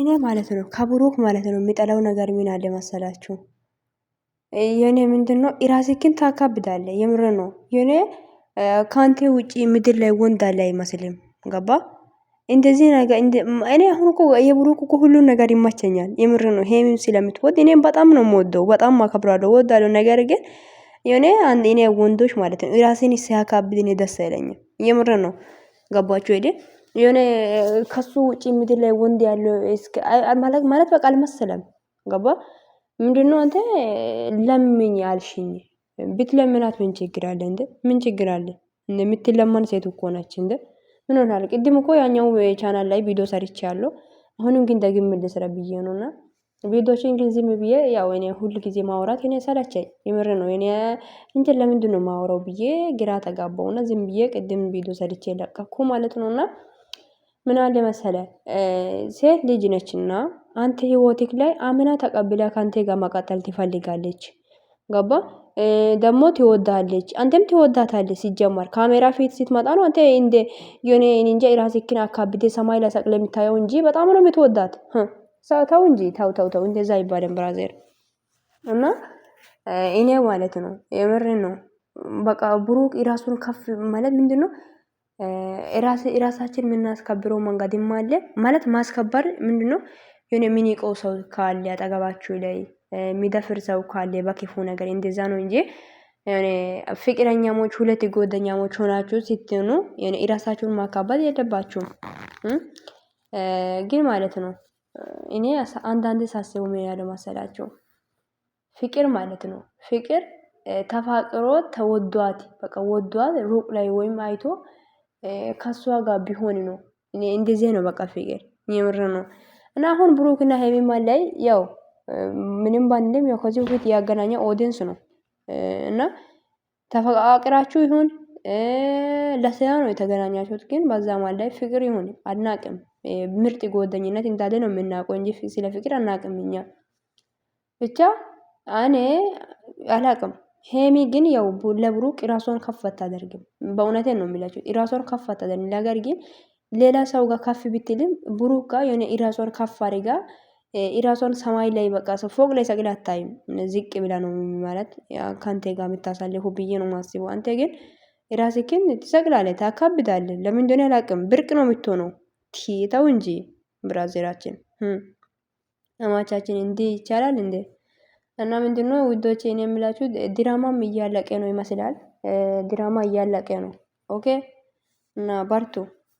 እኔ ማለት ነው ከብሩክ ማለት ነው የሚጠላው ነገር ምን አለ መሰላችሁ? የኔ ምንድን ነው ኢራሴኪን ታካብዳለ። የምር ነው የኔ ከአንቴ ውጪ ምድር ላይ ወንድ አለ አይመስልም። ገባ እንደዚህ ነገር እኔ አሁን እኮ የብሩክ እኮ ሁሉን ነገር ይመቸኛል። የምር ነው ሄሚም ስለምትወድ እኔም በጣም ነው የምወደው፣ በጣም አከብራለሁ፣ ወዳለሁ። ነገር ግን የኔ አንድ እኔ ወንዶች ማለት ነው ኢራሴን ሲያካብድ እኔ ደስ አይለኝም። የምር ነው ገባችሁ ሄዴ የሆነ ከሱ ውጭ ምድር ላይ ወንድ ያለው ማለት በቃ አልመሰለም። ገባ ምንድነው? አንተ ለምኝ አልሽኝ ብትለምናት ምን ችግር አለ እንዴ? ምን ችግር አለ? የምትለመን ሴት እኮ ነች እንዴ? ምን ሆናል? ቅድም እኮ ያኛው ቻናል ላይ ቪዲዮ ሰርቼ ያለው አሁንም ግን ደግም ልስራ ብዬ ነው እና ቪዲዮችን ግን ዝም ብዬ ያው እኔ ሁሉ ጊዜ ማውራት እኔ ሰለቸኝ። የምር ነው እኔ እንጂ ለምንድን ነው ማውራው ብዬ ግራ ተጋባውና ዝም ብዬ ቅድም ቪዲዮ ሰርቼ ለቀኩ ማለት ነው እና ምን አለ መሰለ ሴት ልጅ ነች እና አንተ ህይወትክ ላይ አምና ተቀብላ ከአንተ ጋር መቀጠል ትፈልጋለች። ገባ ደግሞ ትወዳለች፣ አንተም ትወዳታለች። ሲጀመር ካሜራ ፊት ስትመጣ ነው አንተ እንደ የሆነ እንጃ ራስክን አካብቴ ሰማይ ላይ ሰቅለ የምታየው እንጂ በጣም ነው የምትወዳት። ተው እንጂ ተው ተው ተው፣ እንደዛ ይባለን ብራዘር። እና እኔ ማለት ነው የምር ነው በቃ ብሩቅ ራሱን ከፍ ማለት ምንድን ነው ራሳችን የምናስከብረው መንገድም አለ። ማለት ማስከበር ምንድነው? የሆነ የሚንቀው ሰው ካለ አጠገባችሁ ላይ የሚደፍር ሰው ካለ በክፉ ነገር እንደዛ ነው እንጂ ፍቅረኛሞች ሁለት ጎደኛሞች ሆናችሁ ስትሆኑ የራሳችሁን ማካባት የለባችሁም። ግን ማለት ነው እኔ አንዳንድ ሳስበው ምን ያለ መሰላችሁ? ፍቅር ማለት ነው ፍቅር ተፋቅሮ ተወዷት በቃ ወዷት ሩቅ ላይ ወይም አይቶ ከሷ ጋር ቢሆን ነው። እኔ እንደዚህ ነው በቃ ፍቅር የምር ነው። እና አሁን ብሩክና ሄሚማ ላይ ያው ምንም ባንልም ያው ከዚህ በፊት ያገናኘ ኦዲየንስ ነው እና ተፈቃቅራችሁ ይሁን ለስራ ነው የተገናኛችሁት፣ ግን በዛ ማለት ላይ ፍቅር ይሁን አናቅም። ምርጥ ጓደኝነት እንዳለ ነው የምናውቀው እንጂ ስለ ፍቅር አናቅም እኛ ብቻ እኔ አላቅም። ሄሚ ግን ያው ለብሩክ ራሷን ከፍ አታደርግም። በእውነቴ ነው የሚላቸው ራሷን ከፍ አታደርግም። ነገር ግን ሌላ ሰው ጋር ከፍ ብትልም ብሩክ ጋር የሆነ ራሷን ከፍ አድርጋ ራሷን ሰማይ ላይ በቃ ሰው ፎቅ ላይ ሰቅል አታይም። ዝቅ ብላ ነው ማለት ከአንቴ ጋር የምታሳልፉ ብዬ ነው ማስቡ። አንቴ ግን ራስክን ትሰቅላለ፣ ታካብዳለ። ለምን እንደሆነ አላቅም። ብርቅ ነው የምትሆነው። ተው እንጂ ብራዜራችን አማቻችን እንዲህ ይቻላል እንዴ? እና ምንድነው ውዶቼ እኔ የምላችሁ ድራማም እያለቀ ነው ይመስላል። ድራማ እያለቀ ነው። ኦኬ እና በርቱ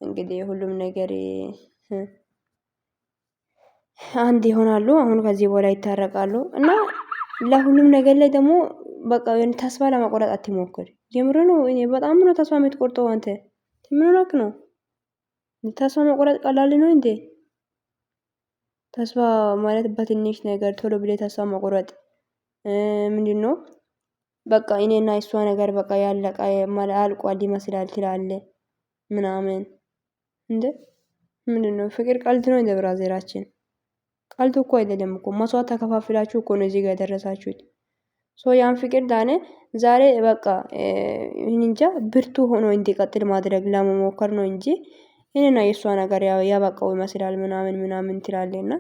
እንግዲህ ሁሉም ነገር አንድ ይሆናሉ። አሁን ከዚህ በኋላ ይታረቃሉ እና ለሁሉም ነገር ላይ ደግሞ በቃ ተስፋ ለመቆረጥ አትሞክር። ጀምሮ ነው እኔ በጣም ነው ተስፋ የምትቆርጠው አንተ ምንነክ ነው? ተስፋ መቆረጥ ቀላል ነው እንዴ? ተስፋ ማለት በትንሽ ነገር ቶሎ ብለ ተስፋ መቆረጥ። ምንድነው? በቃ እኔና እሷ ነገር በቃ ያለቀ አልቋል ይመስላል ትላለ ምናምን እንዴ ምንድነው? ፍቅር ቀልድ ነው እንደ ብራዘራችን ቀልድ እኮ አይደለም እኮ መስዋዕት ተከፋፍላችሁ እኮ ነው እዚህ ጋር የደረሳችሁት። ሶ ያን ፍቅር ዳነ ዛሬ በቃ እንጃ ብርቱ ሆኖ እንዲቀጥል ማድረግ ለመሞከር ነው እንጂ እኔና የእሷ ነገር ያበቃው ይመስላል ምናምን ምናምን ትላለና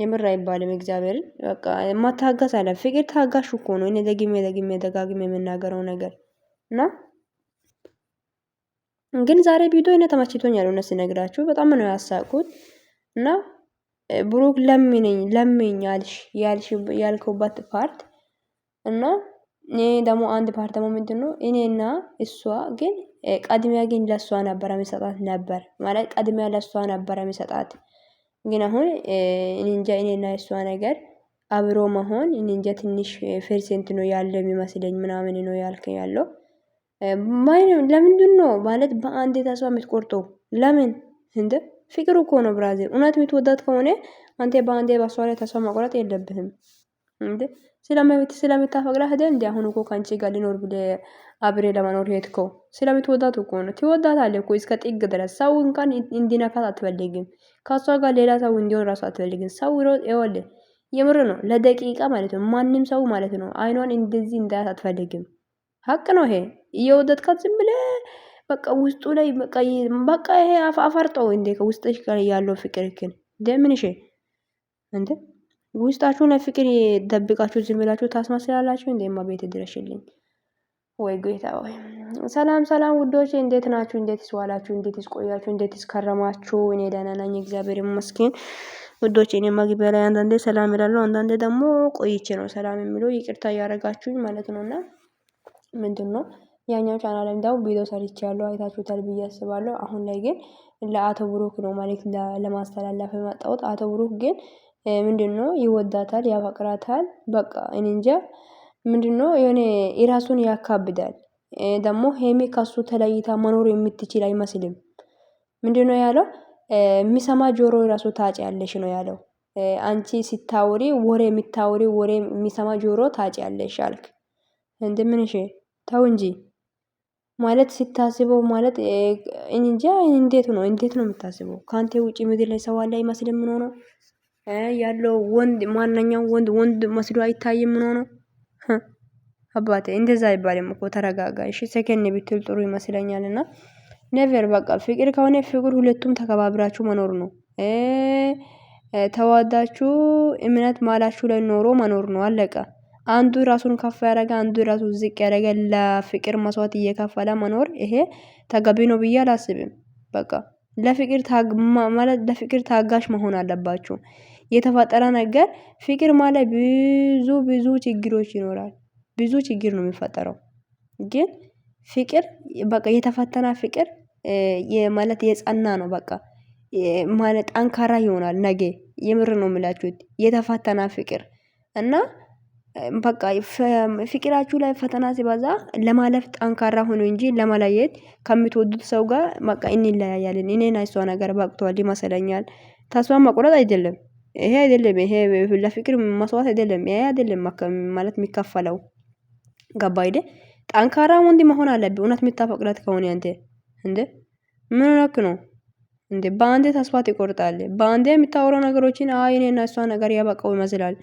የምር አይባልም። እግዚአብሔርን በቃ የማታጋስ አለ ፍቅር ታጋሽ እኮ ነው። እኔ ደግሜ ደግሜ ደጋግሜ የምናገረው ነገር እና ግን ዛሬ ቪዲዮ እኔ ተመችቶኛል። እውነት ስነግራችሁ በጣም ነው ያሳቁት እና ብሩክ ለምንኝ ለምኝ ያልሽ ያልሽ ያልከውበት ፓርት እና እኔ ደግሞ አንድ ፓርት ደግሞ ምንድን ነው እኔና እሷ ግን ቀድሚያ ግን ለእሷ ነበረ የሚሰጣት ነበር ማለት ቀድሚያ ለእሷ ነበረ የሚሰጣት ግን አሁን እንጃ እኔና እሷ ነገር አብሮ መሆን እንጃ ትንሽ ፐርሰንት ነው ያለው የሚመስለኝ ምናምን ነው ያልክ ያለው ለምንድን ነው ማለት በአንድ ተስፋ የምትቆርጠው ለምን እንደ ፍቅር እኮ ነው ብራዚል እውነት የምትወዳት ከሆነ አንተ በአንዴ በሷ ላይ ተስፋ መቁረጥ የለብህም እንዴ ስለማይወት ስለምታፈቅራት አይደል እንዴ? አሁን እኮ ካንቺ ጋር ሊኖር ብለ አብሬ ለመኖር ሄድከው። ስለምትወዳት እኮ ነው። ትወዳታለህ እኮ እስከ ጥግ ድረስ። ሰው እንኳን እንዲነካት አትፈልግም። ከሷ ጋር ሌላ ሰው እንዲሆን ራሱ አትፈልግም። ሰው ይወል የምር ነው። ለደቂቃ ማለት ነው። ማንም ሰው ማለት ነው። አይኗን እንደዚህ እንዳያት አትፈልግም። ሀቅ ነው ይሄ። እየወደድካት ዝም ብለ በቃ ውስጡ ላይ በቃ በቃ ይሄ አፈርጠው እንዴ ጋር ያለው ፍቅር ፍቅርክን ደምንሽ እንዴ ውስጣችሁን ፍቅር ደብቃችሁ ዝም ብላችሁ ታስመስላላችሁ። እንደማ ቤት ድረሽልኝ ወይ ጌታ ወይ። ሰላም ሰላም ውዶች እንዴት ናችሁ? እንዴት ስዋላችሁ? እንዴት ስቆያችሁ? እንዴት ስከረማችሁ? እኔ ደህና ነኝ እግዚአብሔር ይመስገን ውዶች። እኔ መግቢያ ላይ አንዳንዴ ሰላም እላለሁ፣ አንዳንዴ ደግሞ ቆይቼ ነው ሰላም የሚለው ይቅርታ እያደረጋችሁኝ ማለት ነውና ምንድን ነው ያኛው ቻናል እንዳው ቪዲዮ ሰርቼ ያለው አይታችሁታል ብዬ አስባለሁ። አሁን ላይ ግን ለአቶ ብሩክ ነው ማለት ለማስተላለፍ የመጣሁት አቶ ብሩክ ግን ምንድነው ይወዳታል፣ ያፈቅራታል። በቃ እንጃ ምንድነው የሆነ የራሱን ያካብዳል። ደግሞ ሄሜ ከሱ ተለይታ መኖር የምትችል አይመስልም። ምንድነው ያለው? የሚሰማ ጆሮ ራሱ ያለሽ ነው ያለው። አንቺ ሲታወሪ ወሬ የሚታወሪ ወሬ የሚሰማ ጆሮ ታጭ ያለሽ አልክ። እንደምንሽ ምንሽ ተው እንጂ ማለት ሲታስበው ማለት እንጃ እንዴት ነው እንዴት ነው የምታስበው? ካንተ ውጪ ምድር ላይ ሰው አለ አይመስልም። ነው ነው ያለው ወንድ ማንኛውም ወንድ ወንድ መስሎ አይታይም። ምን ሆኖ አባቴ እንደዛ አይባልም እኮ ተረጋጋ። እሺ ሰከን ብትል ጥሩ ይመስለኛል። እና ነቨር በቃ ፍቅር ከሆነ ፍቅር ሁለቱም ተከባብራችሁ መኖር ነው። ተዋዳችሁ እምነት ማላችሁ ላይ ኖሮ መኖር ነው። አለቀ። አንዱ ራሱን ከፍ ያደረገ አንዱ ራሱ ዝቅ ያደረገ ለፍቅር መስዋዕት እየከፈለ መኖር ይሄ ተገቢ ነው ብዬ አላስብም። በቃ ለፍቅር ታጋሽ መሆን አለባችሁ። የተፈጠረ ነገር ፍቅር ማለት ብዙ ብዙ ችግሮች ይኖራል። ብዙ ችግር ነው የሚፈጠረው። ግን ፍቅር በቃ የተፈተና ፍቅር ማለት የጸና ነው በቃ ማለት ጠንካራ ይሆናል። ነገ የምር ነው የምላችሁት የተፈተና ፍቅር እና በቃ ፍቅራችሁ ላይ ፈተና ሲበዛ ለማለፍ ጠንካራ ሁኑ እንጂ ለመለየት ከምትወዱት ሰው ጋር በቃ እንለያያለን። እኔና እሷ ነገር በቅቷል ይመስለኛል። ተስፋ መቁረጥ አይደለም ይሄ አይደለም ይሄ ለፍቅር መስዋዕት አይደለም ይሄ አይደለም ማለት የሚከፈለው። ገባ አይደ ጠንካራ ወንድ መሆን አለብህ። እውነት የምታፈቅራት ከሆነ አንተ እንዴ ምን ሆነክ ነው እንዴ? በአንዴ ተስፋ ትቆርጣለህ። በአንዴ የምታወራው ነገሮችን አይ እኔና እሷ ነገር ያበቃው ይመስላል።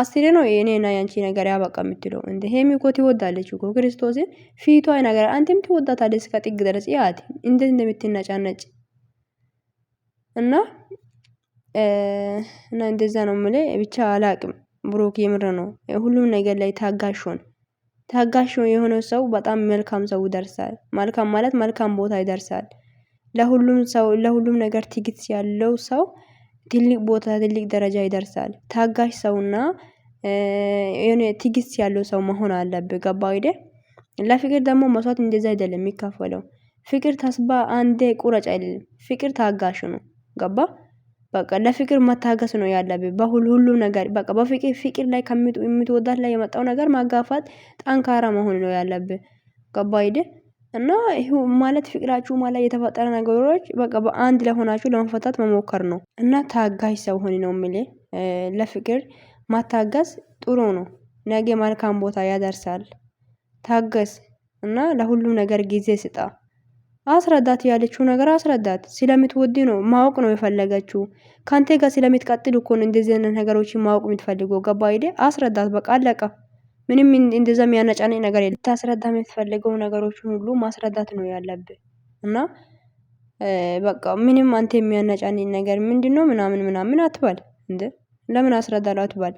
አስቴሬ ነው የኔና ያንቺ ነገር ያበቃ የምትለው እንዴ? ሄሚ እኮ ትወዳለች እኮ ክርስቶስን ፊቷ ነገር አንተም ትወዳታለች እስከ ጥግ ድረስ ያት እንዴት እንደምትነጫነጭ እና እና እንደዛ ነው የምልህ ብቻ አላቅም። ብሩክ የምር ነው ሁሉም ነገር ላይ ታጋሽ ሆን ታጋሽ የሆነ ሰው በጣም መልካም ሰው ይደርሳል። መልካም ማለት መልካም ቦታ ይደርሳል። ለሁሉም ሰው ለሁሉም ነገር ትግት ያለው ሰው ትልቅ ቦታ ትልቅ ደረጃ ይደርሳል። ታጋሽ ሰውና የሆነ ትዕግስት ያለው ሰው መሆን አለብህ። ገባ አይደል? ለፍቅር ደግሞ መስዋዕት እንደዛ አይደለም የሚከፈለው። ፍቅር ተስባ አንዴ ቁረጭ አይደለም። ፍቅር ታጋሽ ነው። ገባ በቃ ለፍቅር መታገስ ነው ያለብ በሁሉ ሁሉ ነገር በቃ በፍቅር ፍቅር ላይ ከምትወዳት ላይ የመጣው ነገር ማጋፋት ጠንካራ መሆን ነው ያለብ ገባ እና ይሁ ማለት ፍቅራችሁ ማለት የተፈጠረ ነገሮች በቃ በአንድ ላይ ሆናችሁ ለመፈታት መሞከር ነው እና ታጋሽ ሰው ሆኒ ነው ምል ለፍቅር ማታገስ ጥሩ ነው። ነገ መልካም ቦታ ያደርሳል። ታገስ እና ለሁሉም ነገር ጊዜ ስጣ። አስረዳት ያለችው ነገር አስረዳት። ስለምትወድ ነው ማወቅ ነው የፈለገችው። ካንተ ጋር ስለምትቀጥል እኮ ነው እንደዚህ አይነት ነገሮችን ማወቅ የምትፈልገው። ገባ አይደል? አስረዳት። በቃ አለቀ። ምንም እንደዛ የሚያነጫነኝ ነገር የለም። ታስረዳ የምትፈልገው ነገሮችን ሁሉ ማስረዳት ነው ያለብህ እና በቃ ምንም አንተ የሚያነጫነኝ ነገር ምንድነው ምናምን ምናምን አትባል። እንደ ለምን አስረዳለሁ አትባል።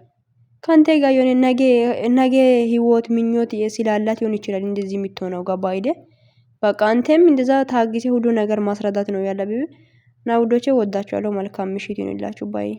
ካንተ ጋር የሆነ ነገ ነገ ህይወት ምኞት ስላላት ሊሆን ይችላል እንደዚህ የምትሆነው። ገባ አይደል? በቃ አንተም እንደዛ ታግሴ ሁሉ ነገር ማስረዳት ነው ያለብህ እና ውዶቼ ወዳችኋለሁ። መልካም ምሽት ይሁንላችሁ ባይ